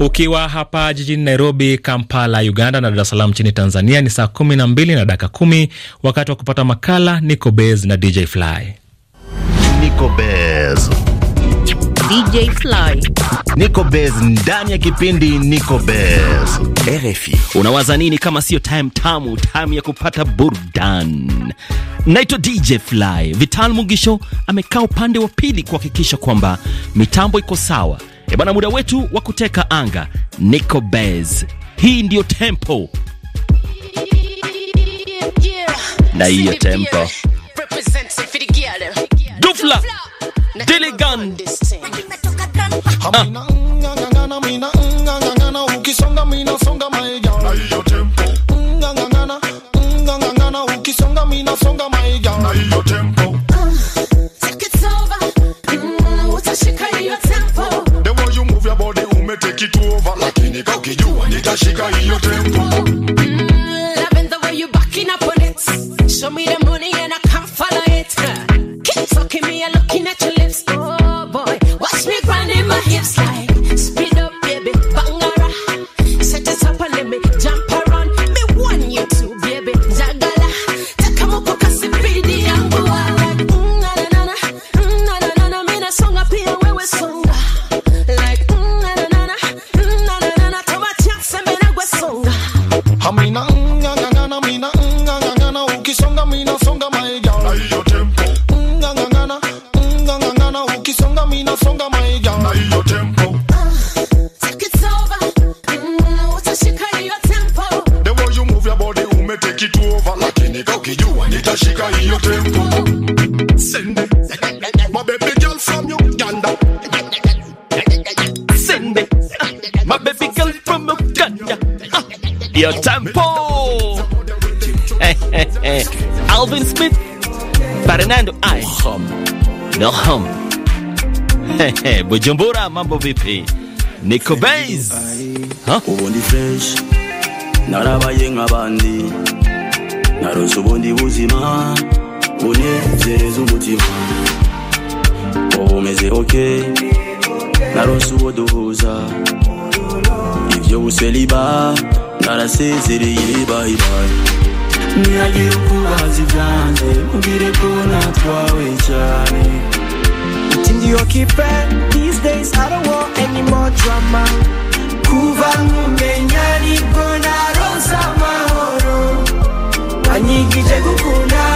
Ukiwa hapa jijini Nairobi, Kampala, Uganda na Dar es Salaam nchini Tanzania ni saa kumi na mbili na dakika kumi. Wakati wa kupata makala Nico Bez na DJ Fly. Nico Bez. DJ Fly. Nico Bez ndani ya kipindi Nico Bez. RFI. Unawaza nini kama sio time tamu, time ya kupata burdan? Naitwa DJ Fly. Vital Mugisho amekaa upande wa pili kuhakikisha kwamba mitambo iko sawa Ebana, muda wetu wa kuteka anga. Nico Bez, hii ndiyo tempo na hiyo tempo dufla diligan She Shika hiyo tempo you came Send it. My baby girl from Uganda. Send it. My baby girl from Uganda. Ah, your tempo. Alvin Smith. Fernando I. Hum. No hum. Bujumbura, mambo vipi? Nico Benz. Huh? Ubundi fresh. Narabaye nk'abandi. Naronse ubundi buzima. bonezereza umutima wowe umeze oke narose uwo duhuza ibyo buseliba narasezereye bayibaye nihagira ukubaza ibyanjye mubwire ko natwawe cyane utindi yokipe these days I any more drama kuva nkumenya nibwo naronse amahoro wanyigije gukunda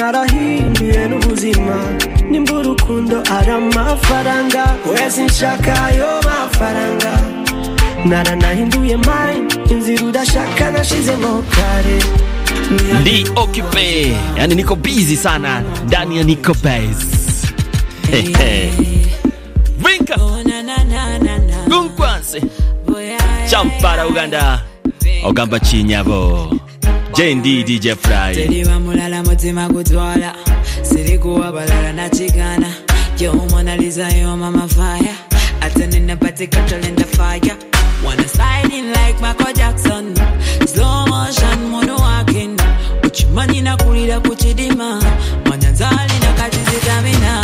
narahimbiye n'ubuzima nimba urukundo ari amafaranga wese nshaka ayo mafaranga naranahinduye mine inzira udashaka nashizemo kare ndi occupé yani niko busy sana ndani ya niko base vinka gunkwase champara uganda ogamba chinyabo jendi dj fly. teri bamulala mutima gutwala siri kuwa balala nakigana yomonalizayo mama fire ate nenapatika talenda fire wanna slide in like michael jackson slow motion mono walking uchimanyi nakulira kuchidima manyanzalina katizitamina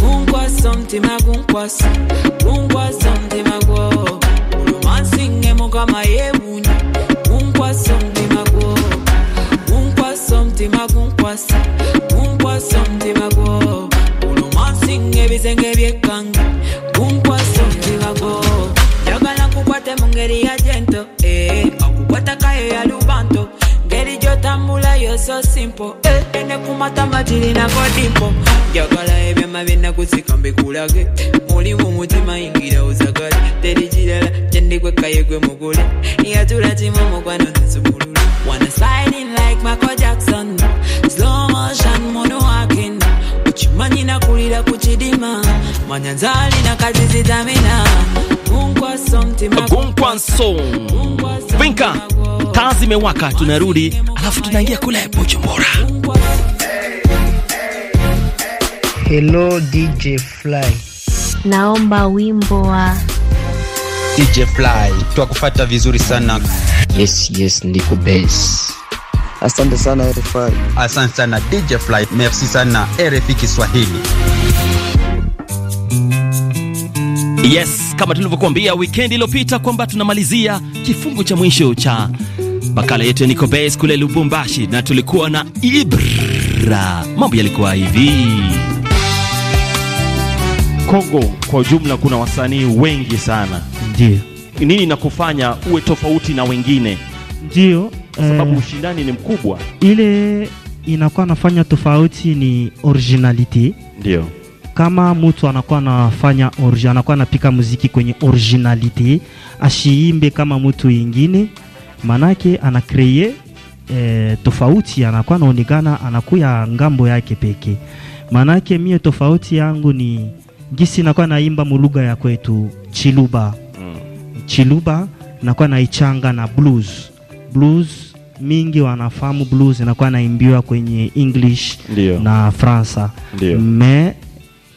gunkwaso mtima gunkwaso gunkwaso mtima gwo ulumansinge mukama yewe mazima gunkwasa gunkwasa omutima gwo guno mwansinga ebizenge byekkange gunkwasa omutima gwo njagala nkukwate mu ngeri ya jento okukwatakayo eh, yalu tambula yo so simple eh, ene kumata majirina kodimpo njagala ebyama byenakuzika mbikulage muli mumuti yingira uzagale teri kirala kyendikwekaye kwe mugule yatula kimu mukwano nasubulula wanna sliding like michael jackson slow motion mono walking ukimanyi nakulira ku kidima manya nzalina kazizitamina kunkwaso mutima kunkwaso vem cá taa zimewaka, tunarudi alafu tunaingia kule Bujumbura. Hello DJ Fly, naomba wimbo wa DJ Fly. Twakufata vizuri sana. Yes, yes, ndiko bes. Asante sana RFI. Asante sana DJ Fly. Merci sana RFI Kiswahili. Yes, kama tulivyokuambia wikendi iliyopita kwamba tunamalizia kifungu cha mwisho cha makala yetu ya Niko Base kule Lubumbashi, na tulikuwa na Ibra. Mambo yalikuwa hivi. Kongo kwa ujumla kuna wasanii wengi sana. Ndio nini nakufanya uwe tofauti na wengine? Ndio sababu eh, ushindani ni mkubwa. Ile inakuwa nafanya tofauti ni originality. Ndio kama mtu anakuwa anafanya anakuwa anapika muziki kwenye originality, ashiimbe kama mtu ingine manake ana kreye e, eh, tofauti anakuwa anaonekana anakuya ngambo yake peke. Manake mie tofauti yangu ni gisi nakuwa naimba mulugha ya kwetu chiluba mm. chiluba nakuwa naichanga na blues blues mingi wanafahamu blues inakuwa naimbiwa kwenye English Ndiyo. na Fransa me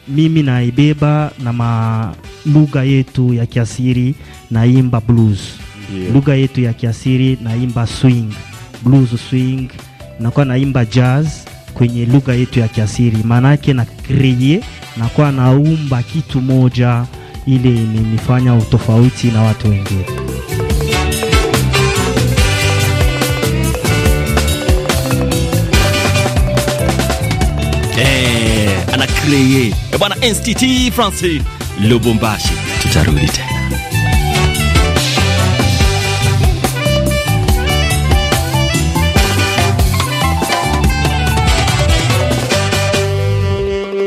mimi naibeba na malugha yetu ya kiasiri naimba blues yeah. lugha yetu ya kiasiri naimba swing, blues swing, nakuwa naimba jazz kwenye lugha yetu ya kiasiri maana yake na kreye nakuwa naumba kitu moja ili nifanya utofauti na watu wengine. Hey, eh, ana kreye eh, bwana NCT francis Lubumbashi, tutarudi tena.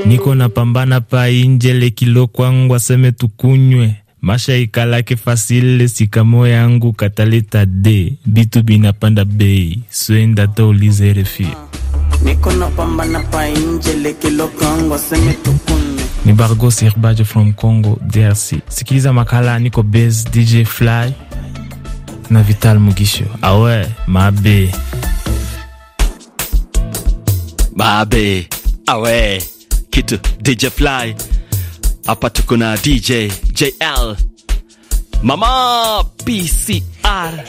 niko na pambana pa inje lekilo kwangu aseme tukunywe masha ikalake fasile sikamo yangu kataleta de bitu binapanda bei swenda ulize refi ni bargo sirbaje from congo drc sikiliza makala niko base dj fly na vital mugisho awe mabe mabe awe kitu DJ Fly. Hapa tuko na DJ JL, Mama PCR,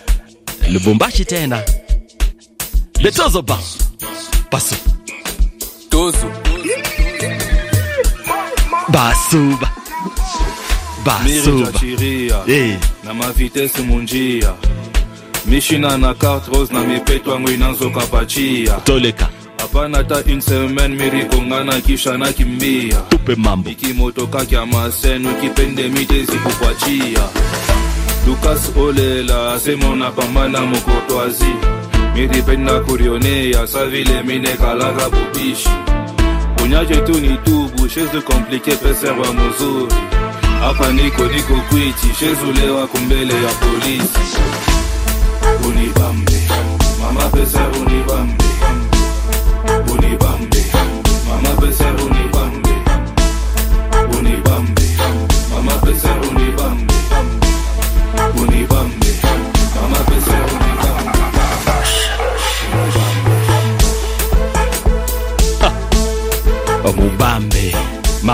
Lubumbashi tena The Tozo ba basu tozo Basu basuba basuba hey. Eh. na mavitesi munjia mishina na cartros na mipeto yangu inanzoka pachia toleka hapana hata insemen mirikongana kisha na kimbia tupe mambo ikimotoka kya masenu kipende mite sikukwachia lukas olela asema unapambana mokotwazi miripenda kurionea sa vile bubishi unyacho tu ni tubu shezu komplike peserwa muzuri hapa niko niko kwiti shezulewa kumbele ya polisi unibambe mama pesa unibambe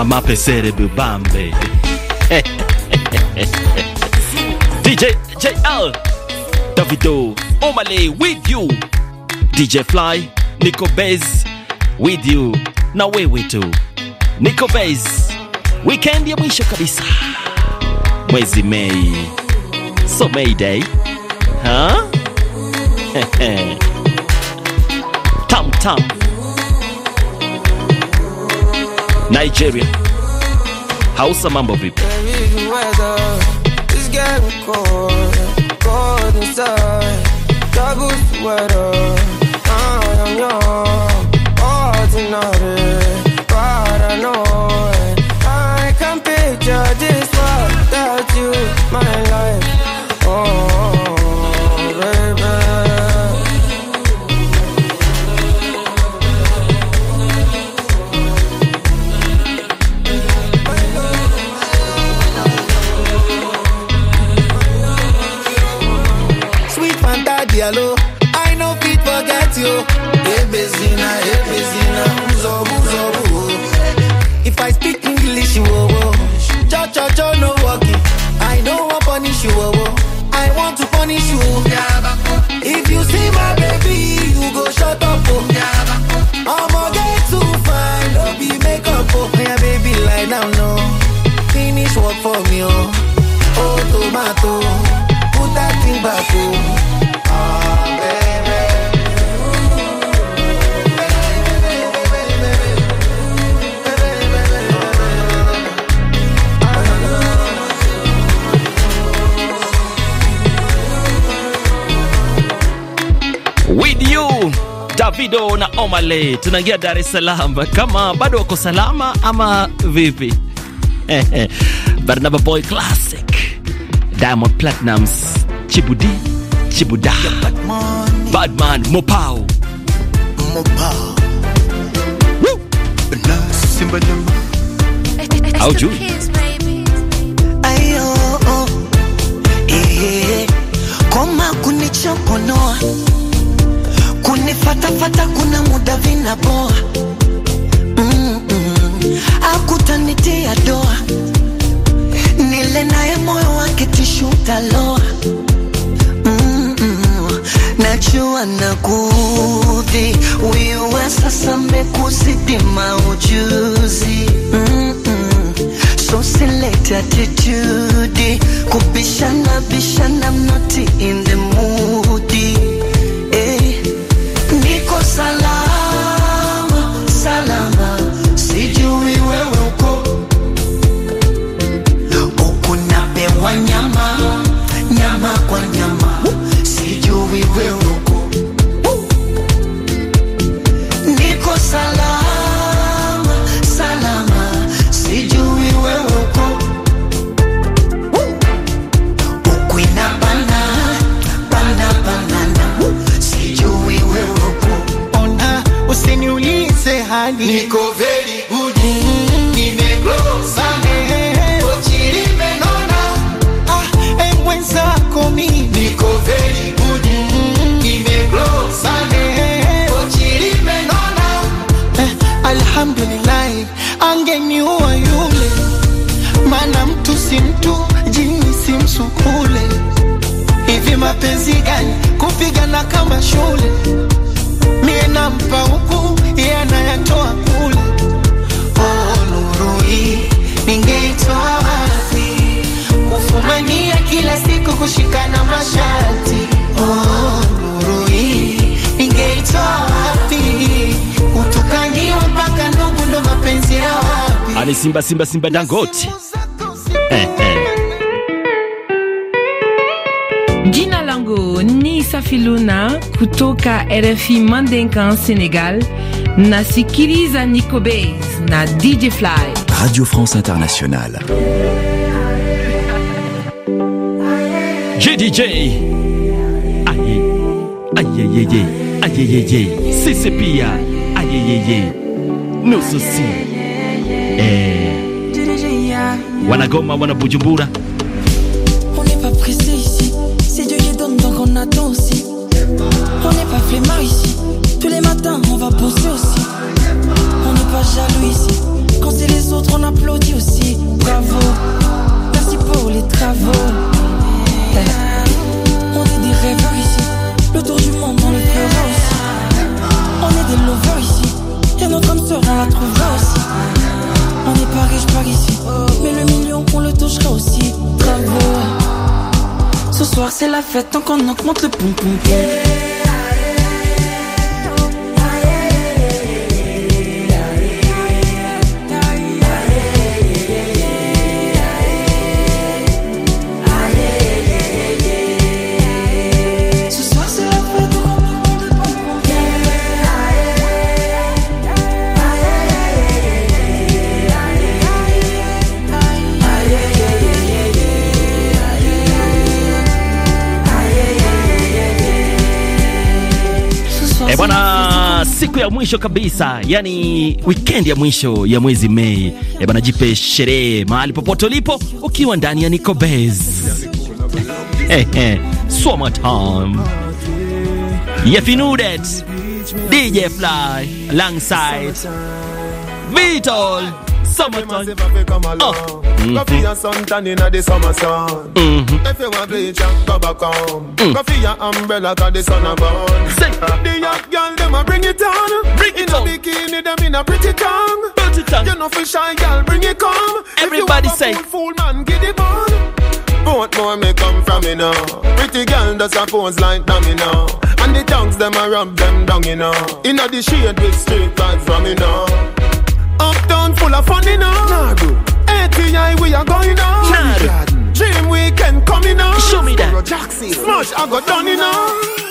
mama pesere bubambe DJ JL Davido Omale with you DJ Fly Nico Bez with you na wewe tu Nico Bez weekend ya mwisho kabisa mwezi Mei so May Day huh? tam tam Nigeria. Hausa, mambo vipi? yellow. I know fit forget you. Hey, Bezina, hey, Bezina, uzo, uzo, uzo. If I speak English, wo wo. oh. Cho, cho, cho, no walking. I don't want punish you, wo wo. I want to punish you. If you see my baby, you go shut up, oh. I'm a get too fine, not be make up oh. Yeah, baby, lie down, no. Finish work for me, oh. Oh, tomato, put that thing back, oh. Davido na Omale. Tunaingia Dar es Salaam, kama bado wako salama ama vipi? Barnaba Boy Classic, Diamond Platnumz, Chibudi Chibuda, Badman Mopao Mopao au juu nitafata, kuna muda vinapoa mm -mm. Akutanitia doa nile naye moyo wake tishu taloa mm -mm. Najua nakuudhi wiwa sasa mekuzidi maujuzi mm -mm. So select kubishana bishana, I'm in the mood pale Simba Simba Simba Dangote eh, eh. Jina langu ni Safiluna kutoka RFI Mandenkan, Senegal. Nasikiliza Nico Base na DJ Fly, Radio France Internationale. JDJ aye ayeyeye ayeyeye sisi pia ayeyeye nusu si eh, wanagoma wana Bujumbura on augmente le poum poum poum. mwisho kabisa, yani wikendi ya mwisho ya mwezi Mei, eh, bana jipe sherehe mahali popote ulipo, ukiwa ndani ya Nico Bez summertime yefinudet DJ Fly alongside Vital summertime. Uh. Coffee mm-hmm. and sun tan inna the summer sun. Mm-hmm. If you want bleach and bubble come. Mm. Coffee and umbrella 'cause the sun a burn. Say. The young girl dem a bring it on. Bring it in on. a bikini them in a pretty tongue. Pretty tongue. You know fi shy girl bring it come. Everybody if you say. Fool, fool man get it on. Both more may come from me now. Pretty girl does her pose like dummy now. And the tongues them a rub them down you know. In a the shade with straight vibes from me now a funny now. Nah, bro. ATI, we are going on, Nah, Dream weekend coming on, Show me that. Jackson. Smash, I got done now.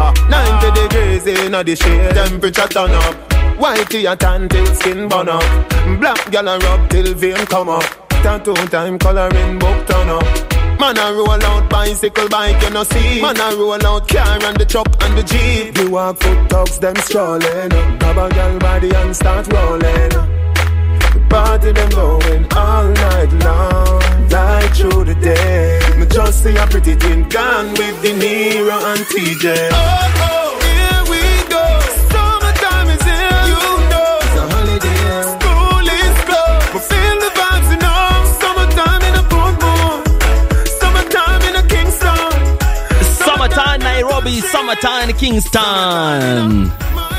Uh, 90 degrees in the shade, temperature turn up. Whitey a tan till skin burn up. Black gal a rub till vein come up. Tattoo time coloring book turn up. Man a roll out bicycle bike, you know see. Man a roll out car and the truck and the jeep. You walk foot talks, them strolling. Grab a gal body and start rolling. The party them going all night long light through the day. Me just see a pretty thing gone with the Nero and TJ. Oh, oh, here we go. Summertime is here, you know. It's a holiday. School is closed. But feel the vibes, you know. Summertime in a boom boom. Summertime in a Kingston. Summertime Nairobi, summertime Kingston.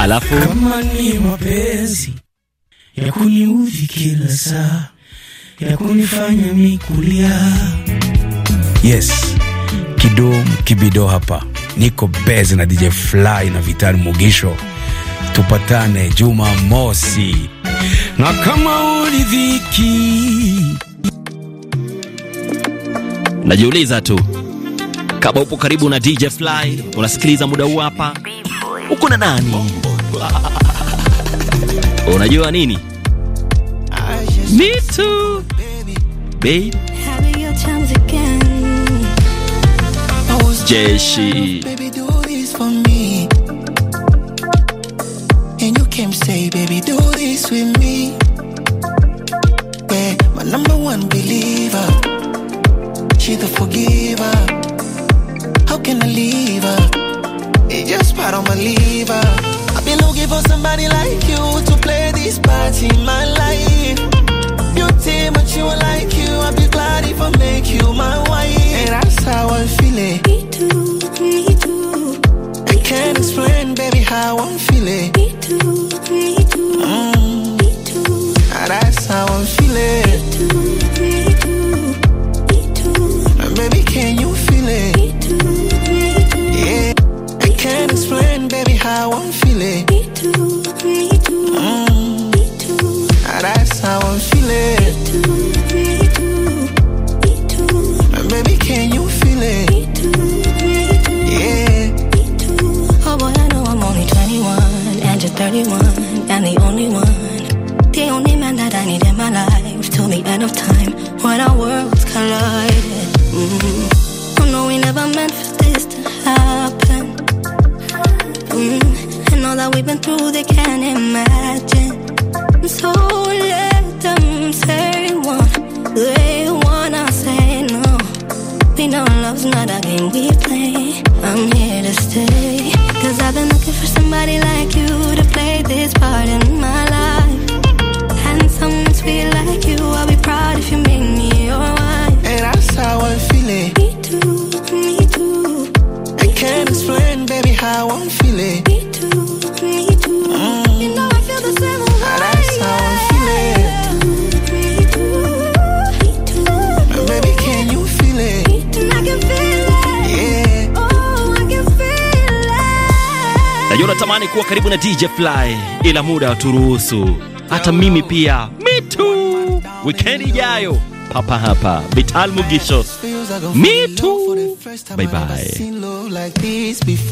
Alafu kama ni mapenzi ya kuniudhi kila saa ya kunifanya mikulia. Yes, Kido Kibido hapa, niko Bez na DJ Fly na Vitali Mugisho. Tupatane Juma Mosi na kama ulidhiki, najiuliza tu kama upo karibu na DJ Fly, unasikiliza muda huu hapa, uko na nani? Unajua nini? Me too. Bay, Jesse. Baby, do this for me. And you came say, baby, do this with me. Yeah, my number one believer. She the forgiver. How can I leave her? It just part of my lever. I've been looking for somebody like you to play this part in my life anyone tunatamani kuwa karibu na DJ Fly, ila muda turuhusu Hata mimi pia too. wikendi ijayo papa hapa Vital Mugisho too. bye bye.